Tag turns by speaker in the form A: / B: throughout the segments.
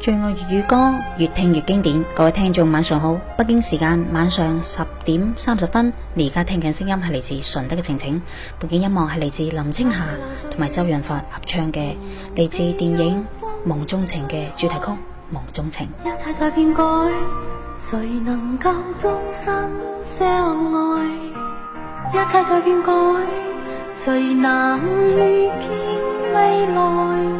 A: 醉愛粵語歌，越聽越經典。各位聽眾，晚上好！北京時間晚上十點三十分，你而家聽緊聲音係嚟自順德嘅晴晴，背景音樂係嚟自林青霞同埋周潤發合唱嘅，嚟自電影《夢中情》嘅主題曲《夢中情》。
B: 一切在變改，誰能夠終生相愛？一切在變改，誰能預見未來？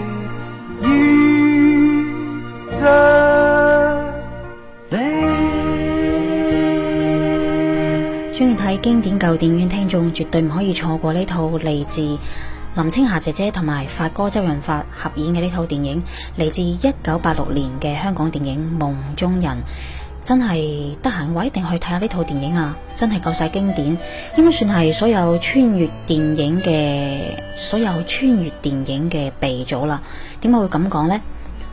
A: 中意睇經典舊電影，聽眾絕對唔可以錯過呢套嚟自林青霞姐姐同埋發哥周潤發合演嘅呢套電影，嚟自一九八六年嘅香港電影《夢中人》。真係得閒，我一定去睇下呢套電影啊！真係夠晒經典，應該算係所有穿越電影嘅所有穿越電影嘅鼻祖啦。點解會咁講呢？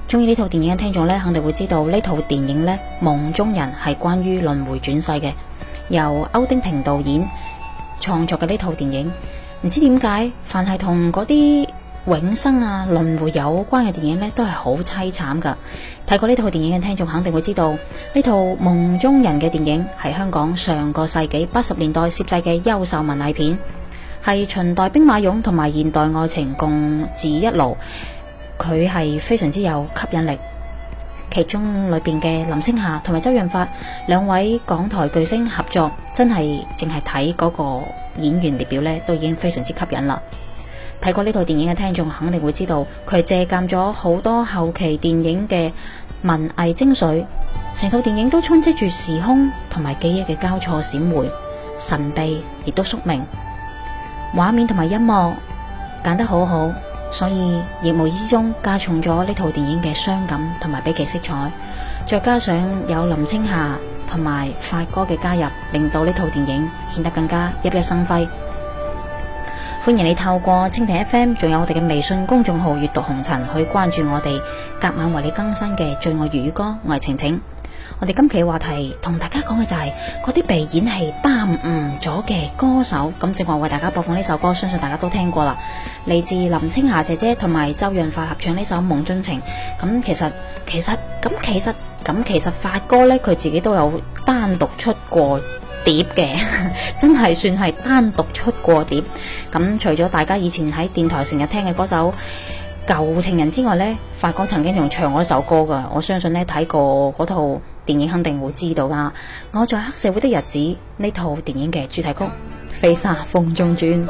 A: 中意呢套電影嘅聽眾呢，肯定會知道呢套電影呢，《夢中人》係關於輪迴轉世嘅，由歐丁平導演創作嘅呢套電影。唔知點解，凡係同嗰啲。永生啊，輪迴有關嘅電影呢都係好凄慘噶睇過呢套電影嘅聽眾肯定會知道，呢套《夢中人》嘅電影係香港上個世紀八十年代攝製嘅優秀文藝片，係秦代兵馬俑同埋現代愛情共冶一爐，佢係非常之有吸引力。其中裏邊嘅林青霞同埋周潤發兩位港台巨星合作，真係淨係睇嗰個演員列表呢都已經非常之吸引啦。睇過呢套電影嘅聽眾肯定會知道，佢借鑑咗好多後期電影嘅文藝精髓，成套電影都充斥住時空同埋記憶嘅交錯閃回，神秘亦都宿命。畫面同埋音樂揀得好好，所以亦無意之中加重咗呢套電影嘅傷感同埋悲劇色彩。再加上有林青霞同埋發哥嘅加入，令到呢套電影顯得更加熠熠生輝。歡迎你透過蜻蜓 FM，仲有我哋嘅微信公眾號閱讀紅塵去關注我哋，隔晚為你更新嘅醉愛粵語歌，我係晴晴。我哋今期嘅話題同大家講嘅就係嗰啲被演戲耽誤咗嘅歌手。咁正話為大家播放呢首歌，相信大家都聽過啦，嚟自林青霞姐姐同埋周潤發合唱呢首《夢中情》。咁其實其實咁其實咁其實發哥呢，佢自己都有單獨出過。碟嘅，真係算係單獨出過碟。咁除咗大家以前喺電台成日聽嘅嗰首舊情人之外呢，發哥曾經仲唱過一首歌噶。我相信咧睇過嗰套電影肯定會知道啦。我在黑社會的日子，呢套電影嘅主題曲《飛沙風中轉》。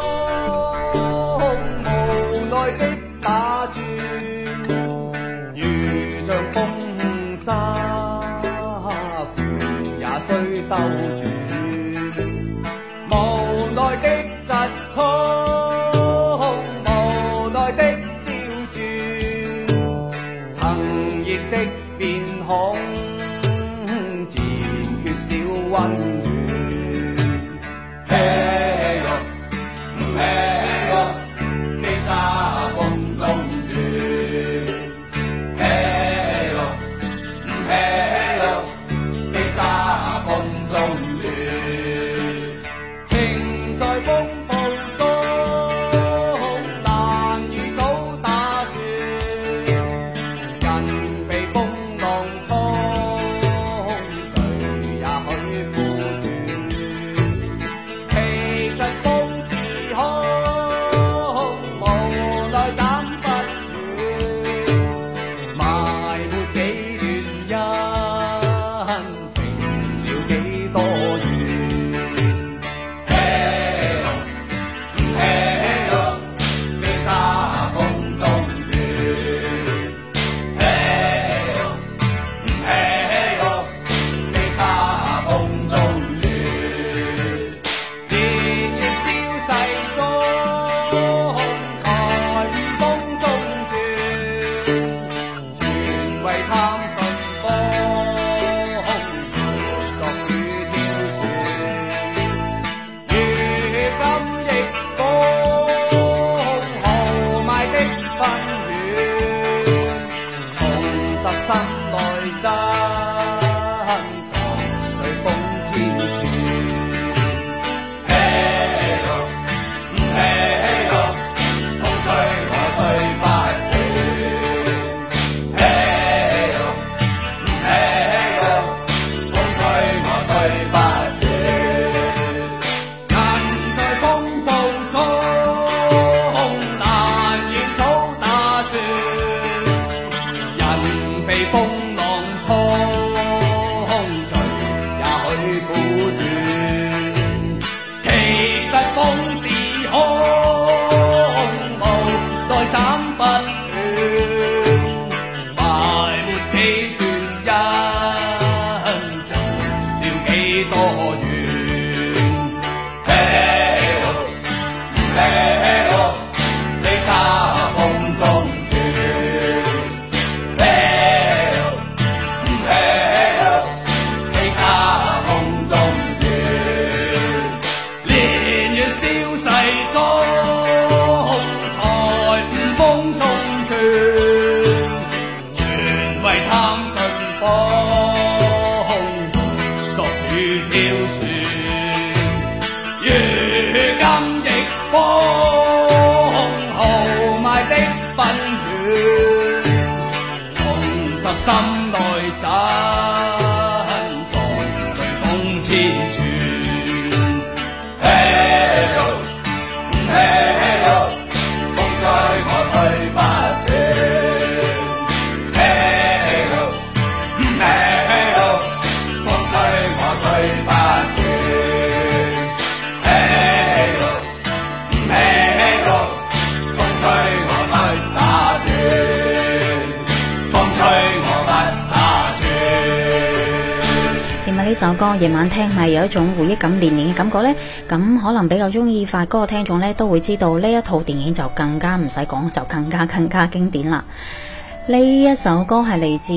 A: 這首歌夜晚聽係有一種回憶感，連連嘅感覺呢，咁可能比較中意快歌嘅聽眾呢，都會知道呢一套電影就更加唔使講，就更加更加經典啦。呢一首歌係嚟自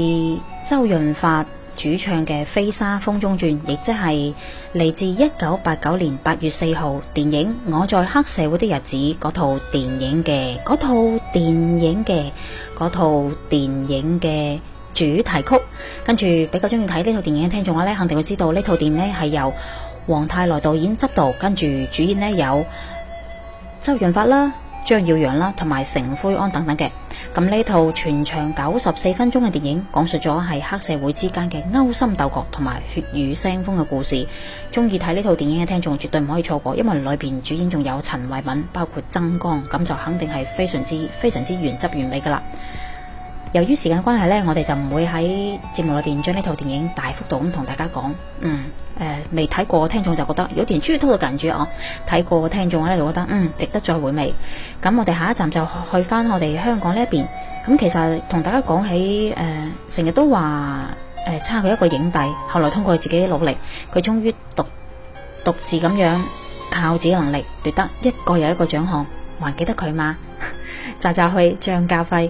A: 周潤發主唱嘅《飛沙風中轉》，亦即係嚟自一九八九年八月四號電影《我在黑社會的日子》嗰套電影嘅嗰套電影嘅嗰套電影嘅。主題曲，跟住比較中意睇呢套電影嘅聽眾話呢，肯定會知道呢套電影咧，係由黃泰來導演執導，跟住主演呢有周潤發啦、張耀陽張耀揚啦，同埋成奎安等等嘅。咁呢套全長九十四分鐘嘅電影，講述咗係黑社會之間嘅勾心鬥角同埋血雨腥風嘅故事。中意睇呢套電影嘅聽眾絕對唔可以錯過，因為裏邊主演仲有陳慧敏，包括曾江，咁就肯定係非常之非常之原汁原味噶啦。由於時間關係呢，我哋就唔會喺節目裏邊將呢套電影大幅度咁同大家講。嗯，誒、呃，未睇過嘅聽眾就覺得有段豬拖到近住哦，睇、啊、過嘅聽眾呢，就覺得嗯值得再回味。咁我哋下一站就去翻我哋香港呢一邊。咁其實同大家講起誒，成、呃、日都話誒、呃，差佢一個影帝，後來通過自己嘅努力，佢終於獨獨自咁樣靠自己能力奪得一個又一個獎項，還記得佢嗎？扎 扎去張家輝。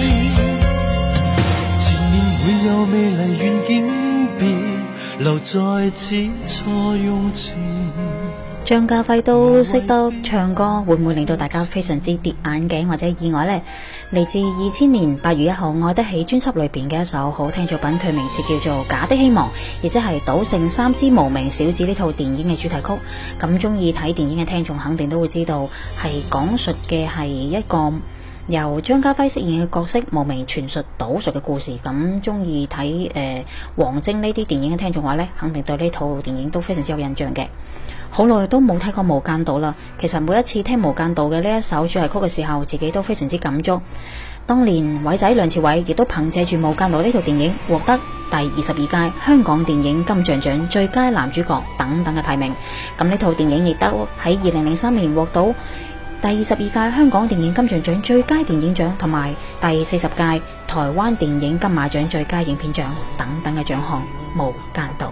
A: 張家輝都識得唱歌，會唔會令到大家非常之跌眼鏡或者意外呢？嚟自二千年八月一號《愛得起》專輯裏邊嘅一首好聽作品，佢名字叫做《假的希望》，亦即係賭聖三之無名小子呢套電影嘅主題曲。咁中意睇電影嘅聽眾肯定都會知道，係講述嘅係一個。由張家輝飾演嘅角色，無名傳述倒述嘅故事，咁中意睇誒王晶呢啲電影嘅聽眾話呢，肯定對呢套電影都非常之有印象嘅。好耐都冇睇過《無間道》啦。其實每一次聽《無間道》嘅呢一首主題曲嘅時候，自己都非常之感觸。當年偉仔梁朝偉亦都憑借住《無間道》呢套電影，獲得第二十二屆香港電影金像獎最佳男主角等等嘅提名。咁呢套電影亦都喺二零零三年獲到。第二十二屆香港電影金像獎最佳電影獎同埋第四十屆台灣電影金馬獎最佳影片獎等等嘅
C: 獎項，無間道。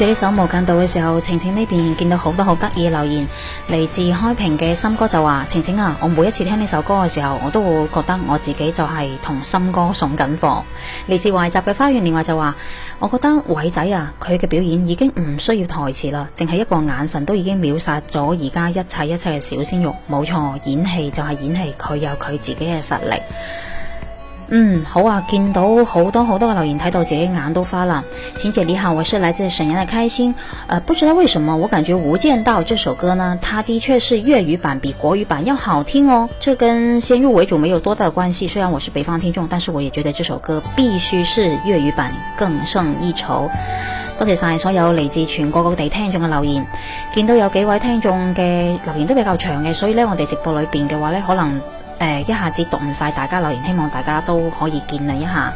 A: 聽住呢首《無間道》嘅時候，晴晴呢邊見到好多好得意嘅留言，嚟自開平嘅心哥就話：晴晴啊，我每一次聽呢首歌嘅時候，我都會覺得我自己就係同心哥送緊貨。嚟自懷集嘅花園年華就話：我覺得偉仔啊，佢嘅表演已經唔需要台詞啦，淨係一個眼神都已經秒殺咗而家一切一切嘅小鮮肉。冇錯，演戲就係演戲，佢有佢自己嘅實力。嗯，好啊！見到好多好多嘅留言，睇到自己眼都花啦。錢姐你好，我是來自瀋陽嘅開心。誒、呃，不知道為什麼我感覺《無間道》這首歌呢，它的確是粵語版比國語版要好聽哦。這跟先入為主沒有多大關係。雖然我是北方聽眾，但是我也覺得這首歌必須是粵語版更勝一籌。多謝晒所有嚟自全國各地聽眾嘅留言。見到有幾位聽眾嘅留言都比較長嘅，所以呢，我哋直播裏邊嘅話呢，可能。誒，一下子讀唔晒大家留言，希望大家都可以見諒一下。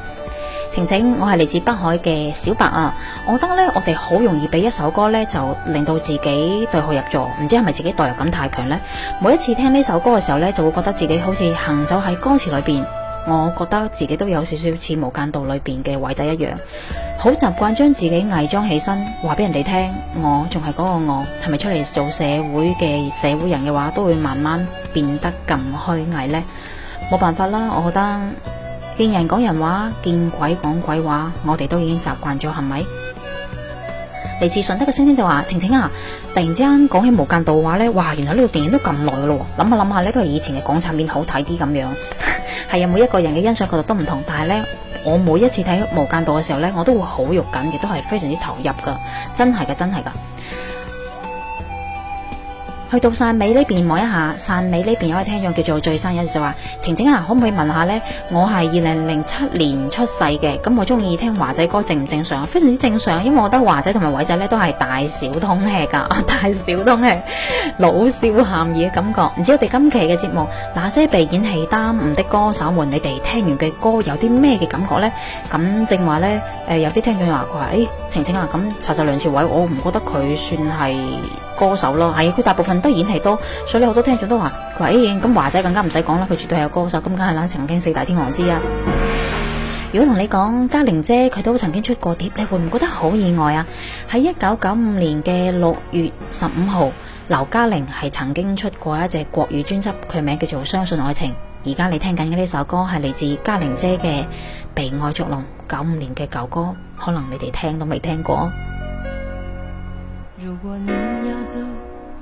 A: 晴晴，我係嚟自北海嘅小白啊，我覺得咧，我哋好容易俾一首歌咧就令到自己對號入座，唔知係咪自己代入感太強呢？每一次聽呢首歌嘅時候咧，就會覺得自己好似行走喺歌詞裏邊。我覺得自己都有少少似《無間道》裏邊嘅偉仔一樣，好習慣將自己偽裝起身，話俾人哋聽，我仲係嗰個我，係咪出嚟做社會嘅社會人嘅話，都會慢慢變得咁虛偽呢？冇辦法啦，我覺得見人講人話，見鬼講鬼話，我哋都已經習慣咗，係咪？嚟自順德嘅星星就話晴晴啊，突然之間講起《無間道》話呢，哇，原來呢個電影都咁耐喇咯，諗下諗下呢都係以前嘅港產片好睇啲咁樣。係啊，每一個人嘅欣賞角度都唔同，但係呢，我每一次睇《無間道》嘅時候呢，我都會好肉緊，亦都係非常之投入㗎。真係㗎，真係㗎。去到汕尾呢邊望一下，汕尾呢邊有位聽眾叫做醉山，有就話晴晴啊，可唔可以問一下呢？我係二零零七年出世嘅，咁我中意聽華仔歌正唔正常？啊？非常之正常，因為我覺得華仔同埋偉仔呢都係大小通吃噶大小通吃，老少咸宜感覺。唔 知道我哋今期嘅節目，那些被演戲耽誤的歌手們，你哋聽完嘅歌有啲咩嘅感覺呢？咁正話呢，誒、呃、有啲聽眾又話佢晴晴啊，咁查實梁朝偉，我唔覺得佢算係。歌手咯，係佢大部分都演戲多，所以咧好多聽眾都話佢話，誒，咁華仔更加唔使講啦，佢絕對係個歌手，咁梗係啦，曾經四大天王之一。如果同你講嘉玲姐，佢都曾經出過碟，你會唔覺得好意外啊？喺一九九五年嘅六月十五號，劉嘉玲係曾經出過一隻國語專輯，佢名叫做《相信愛情》。而家你聽緊嘅呢首歌係嚟自嘉玲姐嘅《被愛捉弄》，九五年嘅舊歌，可能你哋聽都未聽過。
B: 如果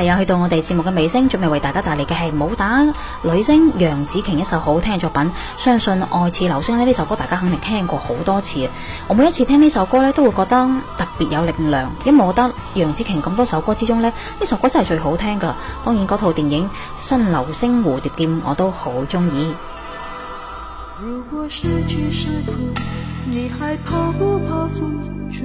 A: 係啊，去到我哋節目嘅尾聲，準備為大家帶嚟嘅係武打女星楊紫瓊一首好聽嘅作品。相信愛似流星咧呢首歌，大家肯定聽過好多次。我每一次聽呢首歌呢，都會覺得特別有力量，因為我覺得楊紫瓊咁多首歌之中呢，呢首歌真係最好聽噶。當然，嗰套電影《新流星蝴蝶劍》我都好中意。
B: 如果失去是苦，你還怕不怕付出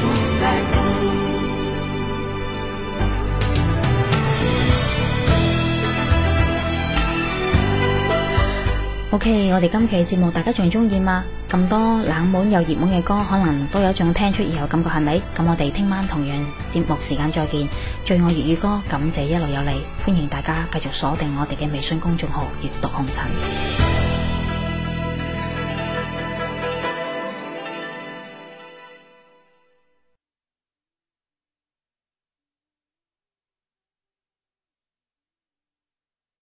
A: OK，我哋今期嘅節目大家仲中意嗎？咁多冷門又熱門嘅歌，可能都有一種聽出以後感覺係咪？咁我哋聽晚同樣節目時間再見，醉愛粵語歌，感謝一路有你，歡迎大家繼續鎖定我哋嘅微信公眾號《閱讀紅塵》。